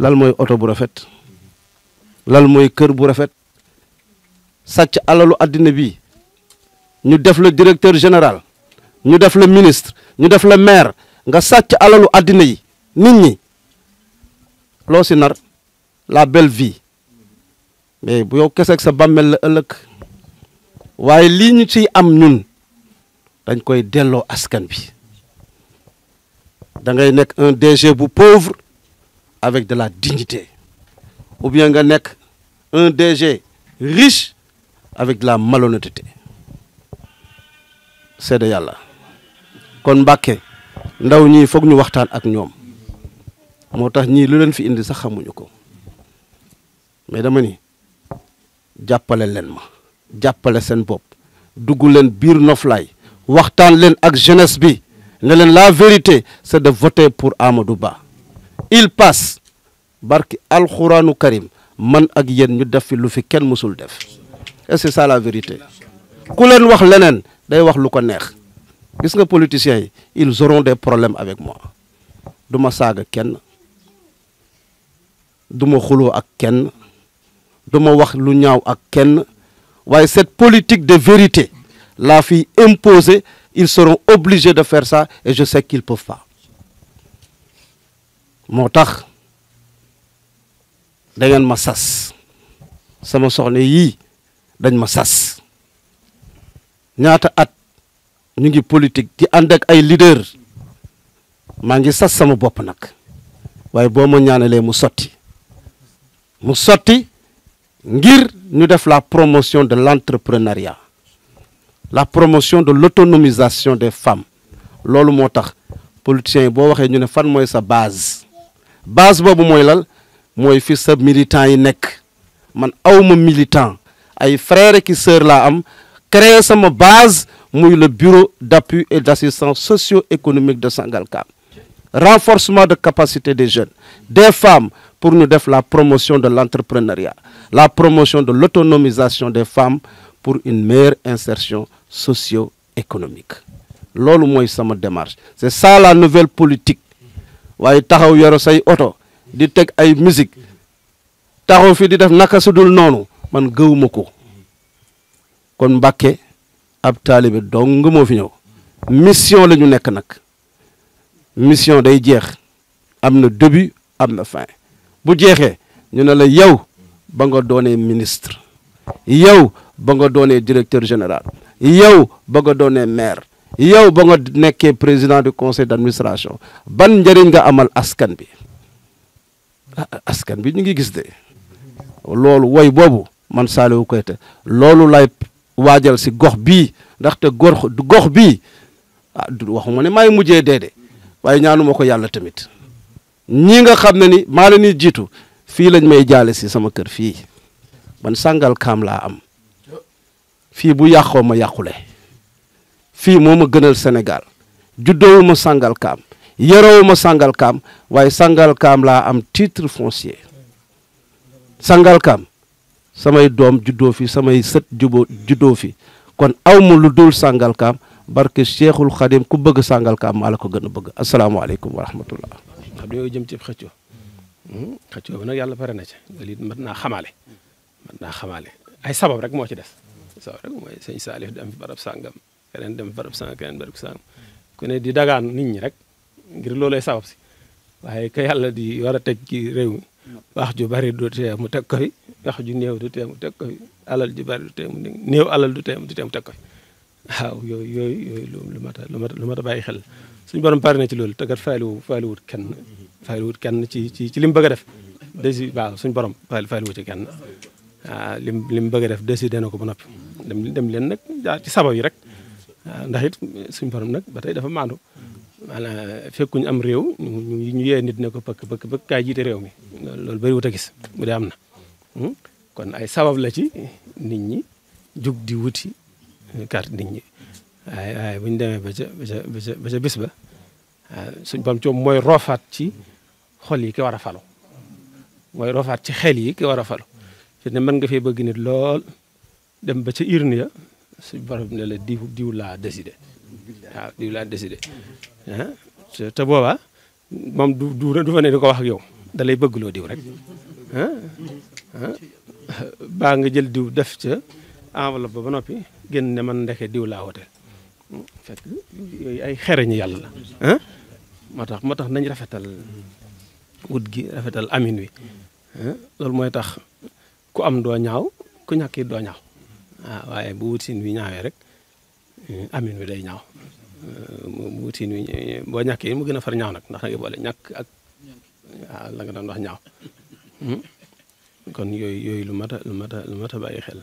lal moy auto bu rafet lal moy kër bu rafet sacc alalu adina bi ñu def la directeur général ñu def le ministre ñu def le maire nga sacc alalu adina yi nit ñi lo si nar la belle vie mais bu yow keseeg sa wai la ëllëg ñu ci am ñun dañ koy delloo askan bi un DG pauvre avec de la dignité ou bien nga un DG riche avec de la malhonnêteté de yàlla kon Mbàkke ndaw ñi foog ñu waxtaan ak ñoom moo tax lu leen fi indi sax xamuñu ko mais dama ni jàppale leen ma jàppale seen bopp dugg leen waxtan len ak jeunesse bi ne la vérité c'est de voter pour Amadou Ba il passe barki alcorane karim man ak yéen ñu def fi lu fi musul def et c'est ça la vérité ku len wax lenen day wax lu ko neex gis nga politiciens ils auront des problèmes avec moi duma ma ken duma du ak ken, duma wax lu ñaaw ak ken. waaye cette politique de vérité la fille imposée, ils seront obligés de faire ça et je sais qu'ils ne peuvent pas. Mon tax c'est ngeen ma C'est sama ma at ñu politique di ànd ak ay leader maa ngi sas sama bopp nag waaye boo mu mu ngir la promotion de l'entrepreneuriat la promotion de l'autonomisation des femmes loolu moo tax politiciens yi boo waxee ñu ne fan sa base base c'est mooy lal mooy fi militant yi nekk man awma militant ay frères et sœurs la am créer sama base muy le bureau d'appui et d'assistance socio-économique de Sangalka. renforcement de capacité des jeunes des femmes pour nous faire la promotion de l'entrepreneuriat la promotion de l'autonomisation des femmes pour une meilleure insertion socio-économique loolu mooy sama démarche c'est ça la nouvelle politique Waye taxaw yoro say auto di tek ay musique taxaw fi di def naka sudul man gëwuma ko kon Mbàkke ab taalibe dong mo fi ñëw mission lañu nek nak. mission day jeex am début am fin bu jeexee ñu na la yow ba nga doonee ministre yow ba nga doonee directeur général yow ba nga doonee maire yow ba nga nekkee président du conseil d'administration ban njëriñ nga amal askan bi ah, ah, askan bi ñu ngi gis de loolu woy boobu man Saliou te loolu lay waajal si gox bi ndaxte gox gox bii ah waxuma ne maay mujjee deede waaye ñaanuma ko yàlla tamit ñi nga xam ne ni maa leen ni jiitu fii lañ may jaale si sama kër fii man sangal kaam laa am fii bu yàqoo ma yàqule fii moo ma gënal Sénégal juddoowu ma Sangalkam yerowu ma Sangalkam waaye Sangalkam laa am titre foncier Sangalkam samay doom juddoo fi samay sët juboo juddoo fi kon aw ma lu dul Sangalkam barke Cheikhul Khadim ku bëgg Sangalkam maa la ko gën a bëgg asalaamaaleykum wa rahmatullah xam ne yooyu jëm ci xëccoo xëccoo bi nag yàlla pare na ci loolu it mën naa xamaale mën naa xamaale ay sabab rek moo ci des saw rek mooy sëñ Salif dem barab sàngam keneen dem barab sàngam keneen barab sàngam ku ne di dagaan nit ñi rek ngir loolay sabab si waaye ka yàlla di war a teg ci réew mi wax ju bari du tee mu teg ko fi wax ju néew du tee mu teg ko fi alal ju bari du tee mu néew alal du tee mu teg ko fi waaw yooyu yooyu yooyu lu mat a lu mat a lu mat a bàyyi xel suñu borom pare na ci loolu te kat faaliwu faaliwut kenn faaliwut kenn ci ci ci li mu bëgg a def desi waaw suñu borom faaliwu ci kenn waaw lim li mu bëgg a def desi dana ko ba noppi dem dem leen nag jaar ci sabab yi rek ndax it suñu borom nag ba tey dafa maandu maanaam fekkuñu am réew ñu ñu yee nit ne ko pëkk pëkk pëkk kaay jiite réew mi loolu bëri wut a gis bu am na hmm? kon ay sabab la ci nit ñi jug di wuti eh, carte nit ñi waaye waaye bu demee ba ca ba ba ca eh, suñ bam coom mooy roofaat ci xol yi ki war a falu mooy roofaat ci xel yi ki war a falu fi ne mën nga fee bëgg nit lool dem ba ca urne ya su borom ne la diw diw laa décidé waaw diw laa décidé ah te boobaa moom du du fa ne di ko wax ak yow dalay bëgg loo diw rek ah, ah baa nga jël diw def ca enveloppe ba ba noppi génn ne man ndeke diw laa wote fekk yooyu xereñ yàlla la ah, moo tax moo tax nañ rafetal wut gi rafetal amin wi ah, loolu mooy tax ku am doo ñaaw ku ñàkk it doo ñaaw ah waaye bu wutin wi ñaawee rek eh, amin wi day ñaaw eh, bu wutin wi eh, boo ñàkkee mu gën a far ñaaw nag ndax da ngay boole ñàkk ak waaw ah, la nga doon wax ñaaw hmm? kon yooyu yooyu lu mat a lu mat a lu mat a bàyyi xel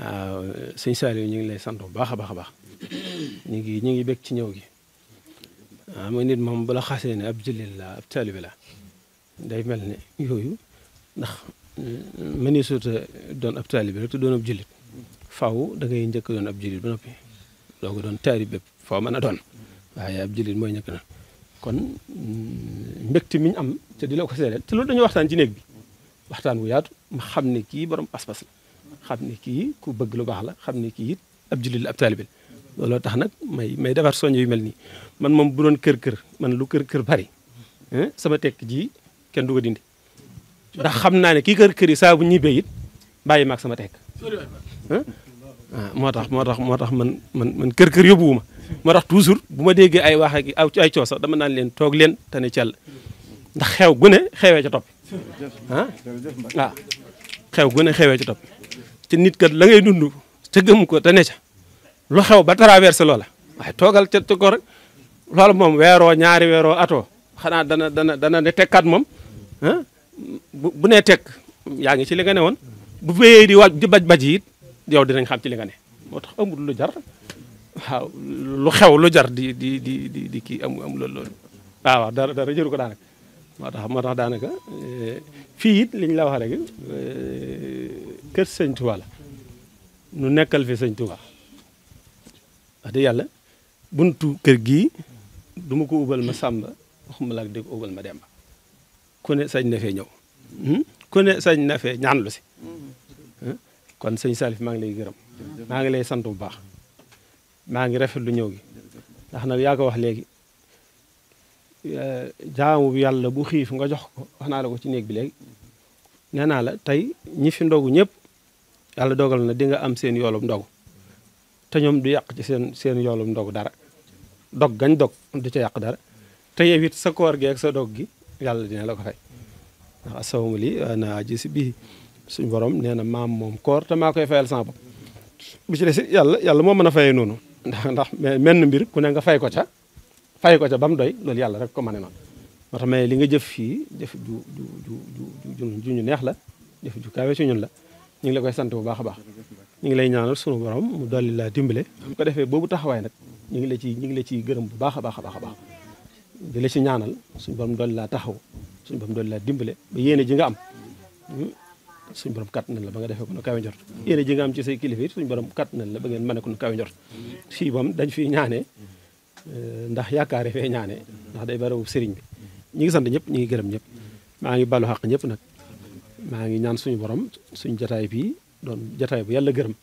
waaw ah, sëñ Saliou ñu ngi lay sant bu baax a baax a baax ñu ngi ñu ngi bég ci ñëw gi waaw ah, nit moom bu la xasee ne ab jullit la ab taalibe la day mel ne yooyu ndax mm, mëni suuta doon ab taalibe rek te doon ab jullit faw da njëkk doon ab jullit ba noppi doo ko doon taari bépp foo mën a doon waaye ab jullit mooy njëkk na kon mm, mbégte mi ñu am te di la ko seedeel te loolu dañoo waxtaan ci néeg bi waxtaan wu yaatu ma xam ne kii borom pas-pas la kii ku bëgg lu baax la xam ne kii it ab jullit la ab taalibe looloo tax nag may may defar soññ yu mel nii man moom bu doon kër-kër man lu kër-kër bari sama tekk ji kenn du ko dindi ndax xam naa ne kii kër-kër yi saa bu ñibbee it bàyyi maag sama tekk waaw ah, moo tax moo tax moo tax man man man kër kër yóbbuwuma moo tax toujours bu ma déggee ay wax ak aw ay coow sax dama naan leen toog leen te ne cell ndax xew gune ne xewee ca topp ah waaw xew gu ne xewee ca topp ah, nit kat la ngay dund ca gëm ko te ca lu xew ba traversé loola waaye toogal ca ca moom weeroo ñaari weeroo atoo xanaa dana dana dana ne tekkaat moom bu ne nee yaa ngi ci li nga ne woon bu wéyee di waaj baj baj yi yow dinañ xam ci li nga ne moo tax amul lu jar waaw lu xew lu jar di di di di di kii amul amul loolu loolu waaw waaw dara dara jëru ko daanaka moo tax moo tax daanaka fii it li ñu la wax rek kër sëñ Tuba la nu nekkal fi sëñ Tuba wax dëgg yàlla buntu kër gii du ma ko ubbal ma sàmba waxuma la di ko ubbal ma demba ku ne sañ na fee ñëw ku ne sañ na fee ñaan lu si kon sëñ Salif maa ngi lay gërëm maa ngi lay sant bu baax maa ngi rafet lu ñëw gi ndax nag yaa ko wax léegi eh, jaamu yàlla bu xiif nga jox ko wax naa la ko ci néeg bi léegi nee naa la tey ñi fi ndogu ñëpp yàlla dogal na dinga am seen yoolum ndogu te ñoom du yàq ci seen seen yoolum ndogu dara dog gañ dog du ca yàq dara te yow sa koor geek sa dog gi yàlla dina la ko fay ndax asawmu li ana ajisi bii suñu borom nee na maam moom koor te maa koy fayal sama bopp bu ci des it yàlla yàlla moo mën a fayee noonu ndax ndax menn mbir ku ne nga fay ko ca fay ko ca ba mu doy loolu yàlla rek ko mën na moo tax mais li nga jëf fii jëf ju ju ju ju ñu neex la jëf ju kawe ci ñun la ñu ngi la koy sant bu baax a baax ñu ngi lay ñaanal sunu borom mu dolli laa dimbale bu ko defee boobu taxawaay nag ñu ngi la ci ñu ngi la ciy gërëm bu baax a baax a baax a la ci ñaanal suñu borom dolli laa taxaw suñu borom dolli laa dimbale ba yéene ji nga am suñ borom kàttanal la ba nga defee ko nu kawe njort yéene ji nga am ci say kilifa it suñ borom kàttanal la ba ngeen mën ko nu kawe njort fii moom dañ fiy ñaanee eh, ndax yaakaare fee ñaane ndax day barabu sëriñ bi ñi ngi sant ñëpp ñu ngi gërëm ñëpp maa ngi balu xaq ñëpp nag maa ngi ñaan suñu borom suñ jataay bii doon jataay bu yàlla gërëm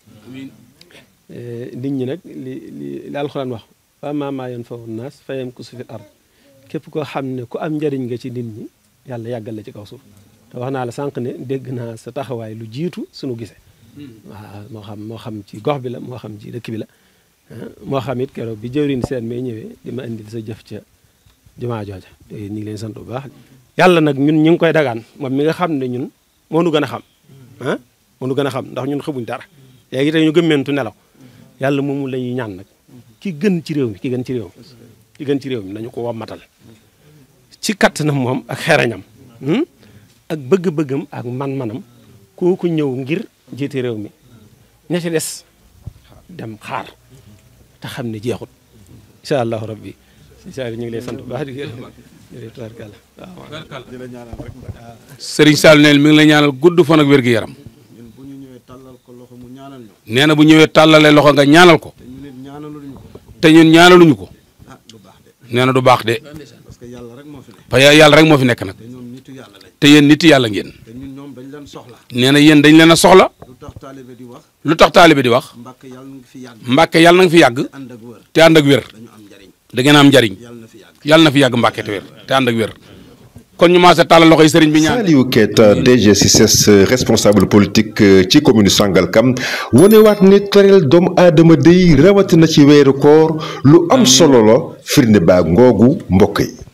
eh, nit ñi nag li li li alxuraan wax wa maa maa yanfa'u naas fa yamkusu fil ard képp koo xam ne ku am njariñ nga ci nit yàlla yàggal la ci kaw suuf te wax naa la sànq ne dégg naa sa taxawaay lu jiitu sunu gisee. waaw moo xam moo xam ci gox bi la moo xam ci dëkk bi la ah, moo xam it keroog bi jëwriñ seen may ñëwee di ma indil sa jëf ca jumaa jooja ñu ngi sant bu baax yàlla nag ñun ñu ngi koy dagaan moom mi nga xam ne ñun moo nu gën a xam ah moo nu gën a xam ndax ñun xamuñ dara léegi tey ñu gëmmentu nelaw yàlla moomu la ñuy ñaan nag ki gën ci réew mi ki gën ci réew mi ki gën ci réew mi nañu ko wammatal ci kattanam moom ak xerañam hmm? ak bëgg-bëggam ak man-manam kooku ñëw ngir jiite réew mi ña ci dess dem xaar ta xamni ne jeexut incha allahu rabbi incha ñu ngi lay sant baax di serigne Sall neel mi ngi lay ñaanal gudd fon ak wér yaram bu talalé loxo nga ñaanal ko te ñun ñu ko ah, du baax parce que yalla rek mo fi nek nak te yeen nit yalla ngeen. neena na dañ leena soxla. lu tax taalibe di wax. mbàkke yalla na fi yag te and ak wér. da ngeen am jariñ yalla na fi yag mbàkke te wér te and ak kon ñu maase talal loxoy serigne bi ñaan Saliou keta DG CICES responsable politique euh, ci commune woné wat ni torel dom adama dey na ci wéru koor lu am solo la firnde ba ngoogu mbokk